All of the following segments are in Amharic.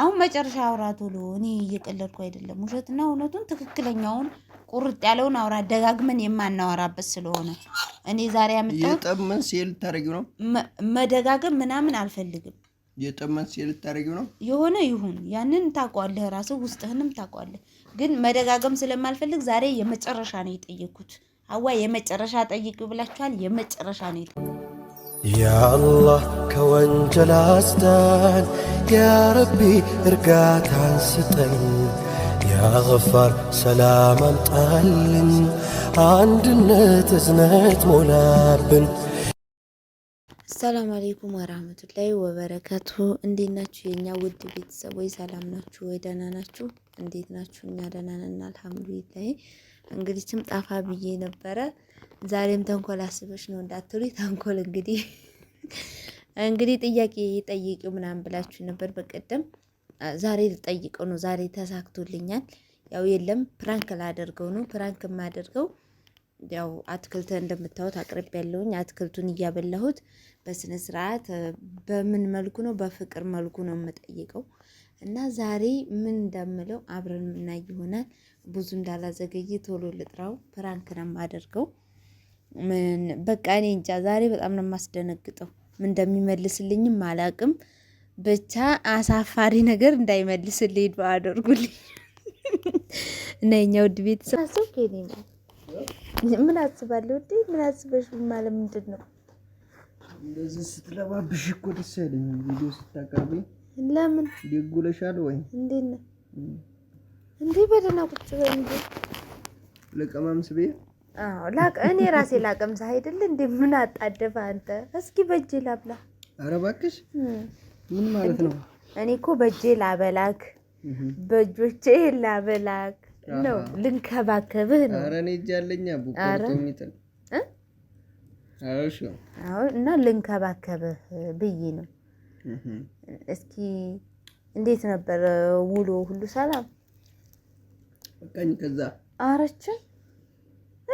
አሁን መጨረሻ አውራ ቶሎ። እኔ እየቀለድኩ አይደለም። ውሸትና እውነቱን ትክክለኛውን ቁርጥ ያለውን አውራ ደጋግመን የማናወራበት ስለሆነ እኔ ዛሬ ያመጣሁት የጠመን ሴል ልታደርጊው ነው። መደጋገም ምናምን አልፈልግም። የጠመን ሴል ልታደርጊው ነው። የሆነ ይሁን ያንን ታውቀዋለህ፣ ራስህ ውስጥህንም ታውቀዋለህ። ግን መደጋገም ስለማልፈልግ ዛሬ የመጨረሻ ነው የጠየኩት። አዋ የመጨረሻ ጠይቅ ብላችኋል። የመጨረሻ ነው የጠየኩት። ያአላህ ከወንጀል አስዳን፣ ያረቢ እርጋታን ስጠን፣ ያገፋር ሰላም አምጣልን፣ አንድነት እዝነት ሞላብን አሰላም አሌይኩም ወራህመቱላሂ ወበረከቱ። እንዴት ናችሁ የእኛ ውድ ቤተሰቦች? ሰላም ናችሁ ወይ? ደህና ናችሁ? እንዴት ናችሁ? እኛ ደህና ነን አልሐምዱሊላሂ። ችም ጣፋ ብዬ ነበረ። ዛሬም ተንኮል አስበሽ ነው እንዳትሉ ተንኮል እንግዲህ እንግዲህ ጥያቄ ጠይቂው ምናምን ብላችሁ ነበር በቀደም። ዛሬ ልጠይቀው ነው ዛሬ ተሳክቶልኛል። ያው የለም ፕራንክ ላደርገው ነው ፕራንክ የማደርገው ያው አትክልት እንደምታዩት አቅርብ ያለውኝ አትክልቱን እያበላሁት በስነ ስርዓት በምን መልኩ ነው በፍቅር መልኩ ነው የምጠይቀው እና ዛሬ ምን እንደምለው አብረን የምናይ ይሆናል። ብዙ እንዳላዘገይ ቶሎ ልጥራው። ፕራንክ ነው የማደርገው። በቃ እኔ እንጃ ዛሬ በጣም ነው የማስደነግጠው። ምን እንደሚመልስልኝም አላቅም። ብቻ አሳፋሪ ነገር እንዳይመልስልኝ አድርጉልኝ እና የኛ ውድ ቤተሰብ ምን አስባለሁ እንዴ? ምን አስበሽ ማለት ምንድን ነው? እንደዚህ ስትለባብሽ እኮ ደስ አይለኝ። ቪዲዮ ስታቀርቢ ለምን ይጉለሻል ወይ? እንዴ? ነው እንዴ? በደህና ቁጭ በይ እንዴ። ለቀማም ስቤ አዎ፣ ላቀ እኔ ራሴ ላቀምሳ አይደል እንዴ? ምን አጣደፈ አንተ። እስኪ በእጄ ላብላ። ኧረ እባክሽ ምን ማለት ነው? እኔ እኮ በእጄ ላበላክ፣ በእጆቼ ላበላክ ነው ልንከባከብህ ነው። ኧረ እኔ እጅ አለኝ ቡቆርጦሚጥል እና ልንከባከብህ ብዬ ነው። እስኪ እንዴት ነበር ውሎ? ሁሉ ሰላም ቀኝ ከዛ አረችን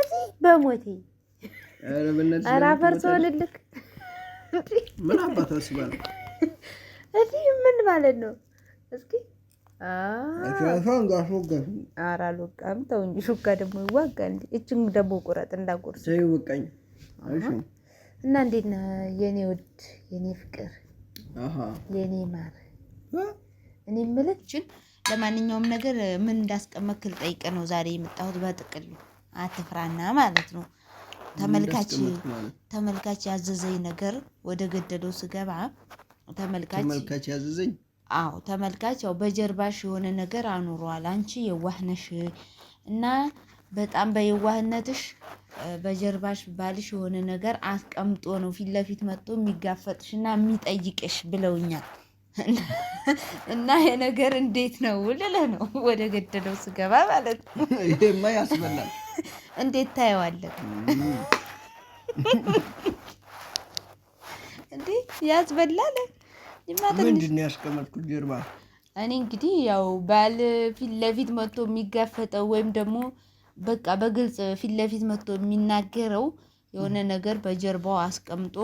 እዚህ በሞቴ ኧረ ልልክ ምን አባት አስባለሁ እዚህ ምን ማለት ነው እስኪ ኧረ አልወጋም። ተው እንጂ ሹካ ደግሞ ይዋጋል። እጅም ደግሞ ቁረጥ እንዳጎርስ እና እንዴት ነህ የኔ ውድ የኔ ፍቅር የኔ ማር? እኔ የምልህ ለማንኛውም ነገር ምን እንዳስቀመጥክ ልጠይቅ ነው ዛሬ የመጣሁት። በጥቅሉ አትፍራና ማለት ነው። ተመልካች ተመልካች ያዘዘኝ ነገር ወደ ገደለው ስገባ ተመልካች ያዘዘኝ አዎ ተመልካች ያው በጀርባሽ የሆነ ነገር አኑሯል። አንቺ የዋህ እና በጣም በየዋህነትሽ በጀርባሽ ባልሽ የሆነ ነገር አስቀምጦ ነው ፊት ለፊት መጥቶ የሚጋፈጥሽ እና የሚጠይቅሽ ብለውኛል። እና ይሄ ነገር እንዴት ነው ልልህ ነው ወደ ገደለው ስገባ ማለት ነው። ይሄማ ያስበላል። እንዴት ታየዋለን? እንዴ ያስበላል። ምንድን ያስቀመጥኩት ጀርባ? እኔ እንግዲህ ያው ባል ፊት ለፊት መጥቶ የሚጋፈጠው ወይም ደግሞ በቃ በግልጽ ፊት ለፊት መጥቶ የሚናገረው የሆነ ነገር በጀርባው አስቀምጦ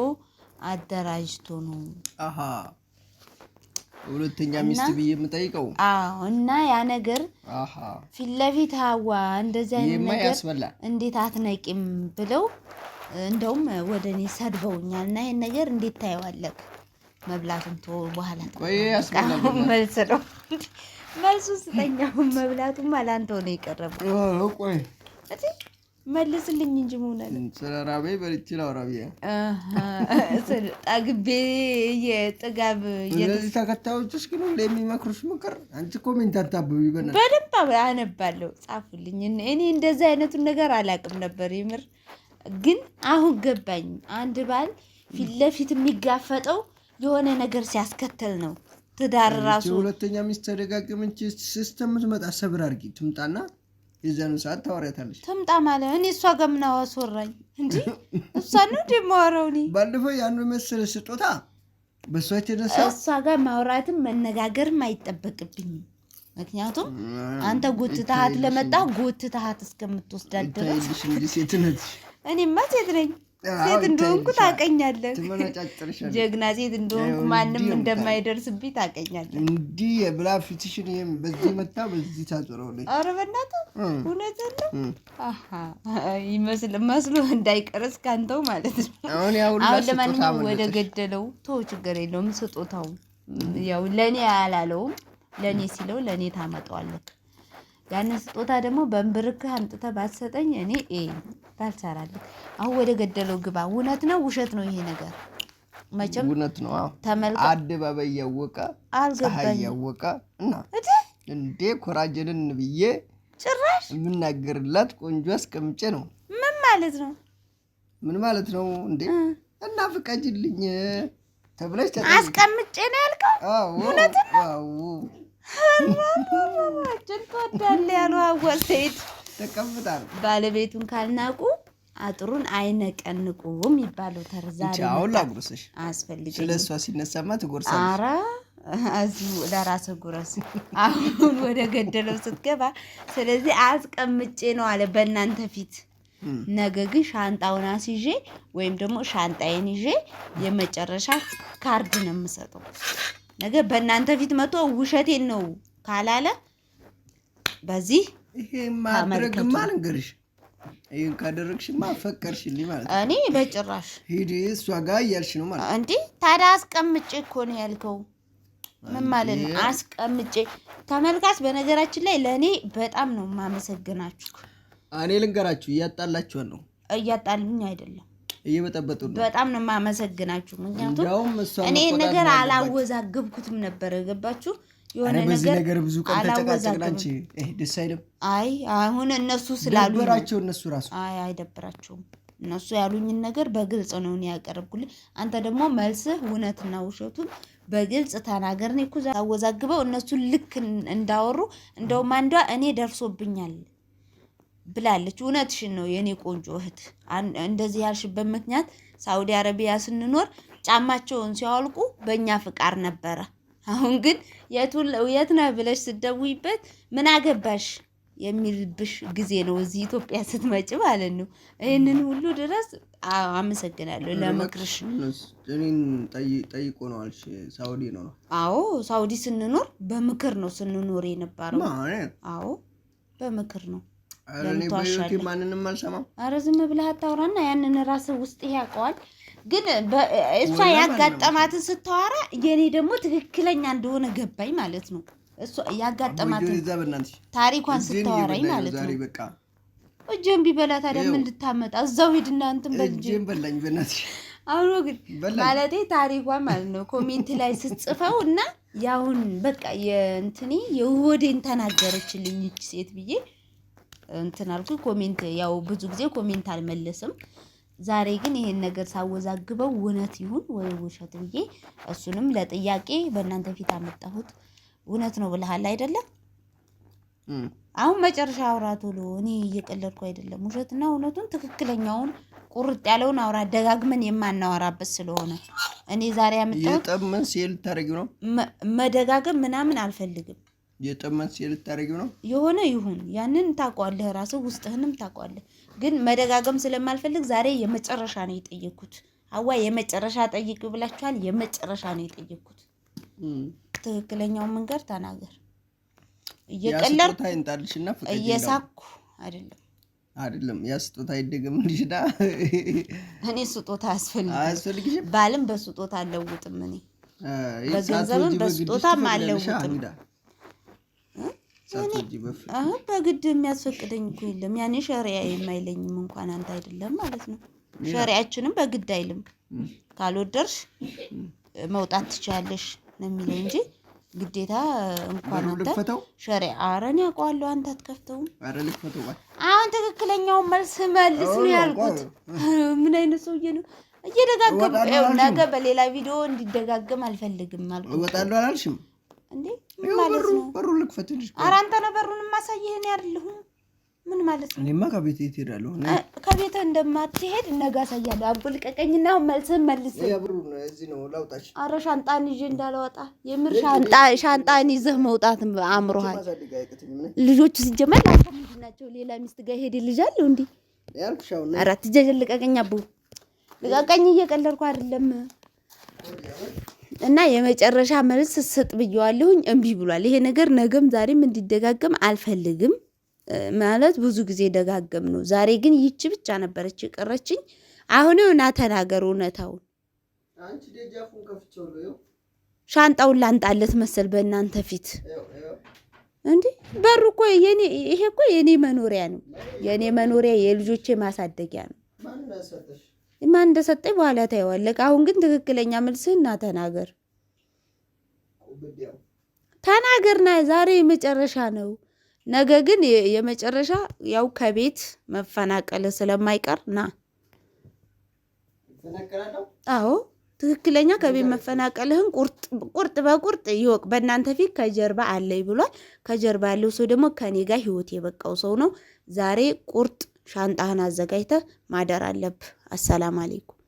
አደራጅቶ ነው። ሁለተኛ ሚስት ብዬ የምጠይቀው። እና ያ ነገር ፊት ለፊት ሀዋ እንደዚህ አይነት ነገር እንዴት አትነቂም ብለው እንደውም ወደ እኔ ሰድበውኛል። እና ይህን ነገር እንዴት ታየዋለህ? መብላቱን ቶ በኋላ መልስ ነው መልሱ ስጠኛውን መብላቱም አላንተ ሆነ የቀረቡ መልስልኝ እንጂ መሆናል ስለ ራቤ በልቼ ላውራ ብዬ ጠግቤ የጥጋብ እነዚህ ተከታዮችሽ ግን ሁሌ የሚመክሩሽ ምክር አንቺ ኮሜንት ምን ታታብቢ በና በደንብ አነባለሁ ጻፉልኝ እኔ እንደዚህ አይነቱን ነገር አላውቅም ነበር ይምር ግን አሁን ገባኝ አንድ ባል ፊት ለፊት የሚጋፈጠው የሆነ ነገር ሲያስከተል ነው። ትዳር ራሱ ሁለተኛ ሚስት ተደጋገመች ሲስተም ትመጣ ሰብር አድርጊ ትምጣና የዛን ሰዓት ታወሪያታለች። ትምጣ ማለት እኔ እሷ ጋር ምን አወራኝ እንጂ እሷ ነው እንደማወራው። እኔ ባለፈው ያንዱ መሰለ ስጦታ በእሷ የተነሳ እሷ ጋር ማውራትም መነጋገርም አይጠበቅብኝም። ምክንያቱም አንተ ጎትተሃት ለመጣ ጎትተሃት እስከምትወስዳት ድረስ እኔማ ሴት ነኝ። ሴት እንደሆንኩ ታቀኛለህ። ጀግና ሴት እንደሆንኩ ማንም እንደማይደርስብኝ ታቀኛለህ። እንዲህ ብላ ፊትሽን ይህም በዚህ መታ በዚህ ታዞረውለች። ኧረ በእናትህ እውነት ነው ይመስል መስሎ እንዳይቀረስ ካንተው ማለት ነው። አሁን ለማንኛውም ወደ ገደለው ቶ ችግር የለውም ስጦታው ያው ለእኔ አላለውም። ለእኔ ሲለው ለእኔ ታመጣዋለህ ያን ስጦታ ደግሞ በንብርክህ አምጥተህ ባትሰጠኝ እኔ ባልሰራልህ። አሁን ወደ ገደለው ግባ። እውነት ነው ውሸት ነው ይሄ ነገር? መቼም እውነት ነው። አደባባይ እያወቀ ፀሐይ እያወቀ እና እንዴ ኮራጀልን ብዬ ጭራሽ የምናገርላት ቆንጆ አስቀምጬ ነው። ምን ማለት ነው? ምን ማለት ነው እንዴ? እና ፍቀጅልኝ ተብለሽ አስቀምጬ ነው ያልከው? እውነት ነው ጭን ትወዳለህ ያለው አወል ተቀምጣል። ባለቤቱን ካልናቁ አጥሩን አይነቀንቁም ይባለው ተርዛ አሁን ላጉርስሽ አያስፈልግም። ስለ እሷ ሲነሳማ ትጎርሳለሽ። ኧረ እዚሁ ለራስህ ጉረስ። አሁን ወደ ገደለው ስትገባ ስለዚህ አስቀምጬ ነው አለ በእናንተ ፊት። ነገ ግን ሻንጣውን አስይዤ ወይም ደግሞ ሻንጣዬን ይዤ የመጨረሻ ካርድ ነው የምሰጠው። ነገ በእናንተ ፊት መጥቶ ውሸቴን ነው ካላለ በዚህ ይሄ ማድረግማ ልንገርሽ፣ ይህን ካደረግሽማ ፈቀርሽልኝ ማለት ነው። እኔ በጭራሽ ሂድ እሷ ጋር እያልሽ ነው ማለት እንዴ? ታዲያ አስቀምጬ እኮ ነው ያልከው። ምን ማለት ነው አስቀምጬ? ተመልካች፣ በነገራችን ላይ ለእኔ በጣም ነው የማመሰግናችሁ። እኔ ልንገራችሁ፣ እያጣላችኋል ነው። እያጣልኝ አይደለም እየበጠበጡ ነው። በጣም ነው የማመሰግናችሁ። ምክንያቱም እኔ ነገር አላወዛግብኩትም ነበር። ገባችሁ? የሆነ ነገር ብዙ ቀን ተጨቃጨቅናንቺ ደስ አይልም። አይ አሁን እነሱ ስላሉ ደበራቸው። እነሱ ራሱ አይ አይደብራቸውም። እነሱ ያሉኝን ነገር በግልጽ ነው እኔ ያቀረብኩልኝ። አንተ ደግሞ መልስህ እውነትና ውሸቱን በግልጽ ተናገርን። እኮ አወዛግበው እነሱ ልክ እንዳወሩ እንደውም አንዷ እኔ ደርሶብኛል ብላለች። እውነትሽን ነው የኔ ቆንጆ እህት። እንደዚህ ያልሽበት ምክንያት ሳውዲ አረቢያ ስንኖር ጫማቸውን ሲያወልቁ በእኛ ፍቃድ ነበረ። አሁን ግን የት ነህ ብለሽ ስደውይበት ምን አገባሽ የሚልብሽ ጊዜ ነው እዚህ ኢትዮጵያ ስትመጭ ማለት ነው። ይህንን ሁሉ ድረስ አመሰግናለሁ ለምክርሽ። ጠይቆ ነው አልሽ? ሳውዲ ነው? አዎ ሳውዲ ስንኖር በምክር ነው ስንኖር የነበረው። አዎ በምክር ነው ማንንም አልሰማም። ኧረ ዝም ብለህ አታውራና ያንን ራስህ ውስጥ ያውቀዋል። ግን እሷ ያጋጠማትን ስታወራ የኔ ደግሞ ትክክለኛ እንደሆነ ገባኝ ማለት ነው። እሷ ያጋጠማትን ታሪኳን ስታወራኝ ማለት ነው። እጄን ቢበላ ታዲያ ምን ልታመጣ እዛው ሂድና እንትን በልጄን በላኝ በእናትሽ አሁን ግን ማለቴ ታሪኳን ማለት ነው ኮሜንት ላይ ስጽፈው እና ያሁን በቃ የእንትኔ የውሆዴን ተናገረችልኝ ይች ሴት ብዬ እንትን አልኩ። ኮሜንት ያው ብዙ ጊዜ ኮሜንት አልመለስም ዛሬ ግን ይሄን ነገር ሳወዛግበው እውነት ይሁን ወይ ውሸት ብዬ እሱንም ለጥያቄ በእናንተ ፊት አመጣሁት። እውነት ነው ብለሃል አይደለም? አሁን መጨረሻ አውራ ቶሎ። እኔ እየቀለድኩ አይደለም። ውሸትና እውነቱን ትክክለኛውን ቁርጥ ያለውን አውራ ደጋግመን የማናወራበት ስለሆነ እኔ ዛሬ ያመጣሁት ጠምን ሲል ታደረጊ ነው መደጋገም ምናምን አልፈልግም። የጠመን ሲል የልታደረጊው ነው የሆነ ይሁን ያንን ታውቀዋለህ፣ ራስ ውስጥህንም ታውቀዋለህ። ግን መደጋገም ስለማልፈልግ ዛሬ የመጨረሻ ነው የጠየኩት። አዋ የመጨረሻ ጠይቅ ብላችኋል። የመጨረሻ ነው የጠየኩት። ትክክለኛውን መንገድ ተናገር። እየቀለድኩ እየሳኩ አይደለም አይደለም ያ ስጦታ አይደገም እንዲሽዳ እኔ ስጦታ አያስፈልግም። ባልም በስጦታ አለውጥም እኔ በገንዘብም በስጦታም አለውጥም። አሁን በግድ የሚያስፈቅደኝ እኮ የለም። ያኔ ሸሪያ የማይለኝም እንኳን አንተ አይደለም ማለት ነው። ሸሪያችንም በግድ አይልም። ካልወደርሽ መውጣት ትችያለሽ ነው የሚለው እንጂ ግዴታ እንኳን አንተ ሸሪያ አረን ያውቀዋለሁ። አንተ አትከፍተውም። አሁን ትክክለኛውን መልስ መልስ ነው ያልኩት። ምን አይነት ሰውዬ ነው? እየደጋገም ነገ በሌላ ቪዲዮ እንዲደጋገም አልፈልግም አልኩት። እወጣለሁ አላልሽም እንዴ ምን ማለት ነው? በሩን ልክፈትልሽ። ኧረ አንተ ነው በሩን የማሳይህ እኔ አይደለሁም። ምን ማለት ነው? እኔማ ከቤት ትሄዳለሁ። ከቤት እንደማትሄድ ነገ አሳያለሁ። አጉል መልስህን መልስ። ኧረ ሻንጣን ይዤ እንዳልወጣ የምር ሻንጣን ይዘህ መውጣት አምሮሃል። ልጆቹ ሲጀመር ምንድን ናቸው? ሌላ ሚስት ጋር ሄድ ልጅ አለው እንዴ? ኧረ ትጃጀል አቦ ልቀቀኝ። እየቀለድኩ አይደለም እና የመጨረሻ መልስ ስጥ ብየዋለሁኝ፣ እምቢ ብሏል። ይሄ ነገር ነገም ዛሬም እንዲደጋገም አልፈልግም። ማለት ብዙ ጊዜ ደጋገም ነው። ዛሬ ግን ይቺ ብቻ ነበረች የቀረችኝ። አሁን ና ተናገር እውነታውን። ሻንጣውን ላንጣለት መሰል በእናንተ ፊት እንዴ? በሩ እኮ የኔ ይሄ እኮ የኔ መኖሪያ ነው። የኔ መኖሪያ የልጆቼ ማሳደጊያ ነው። ማን እንደሰጠኝ በኋላ ታይዋለህ። አሁን ግን ትክክለኛ መልስህና ተናገር ተናገርና፣ ዛሬ የመጨረሻ ነው። ነገ ግን የመጨረሻ ያው ከቤት መፈናቀል ስለማይቀር ና። አዎ ትክክለኛ ከቤት መፈናቀልህን ቁርጥ በቁርጥ ይወቅ። በእናንተ ፊት ከጀርባ አለኝ ብሏል። ከጀርባ ያለው ሰው ደግሞ ከኔ ጋር ህይወት የበቃው ሰው ነው። ዛሬ ቁርጥ ሻንጣህን አዘጋጅተህ ማደር አለብህ። አሰላም አሌይኩም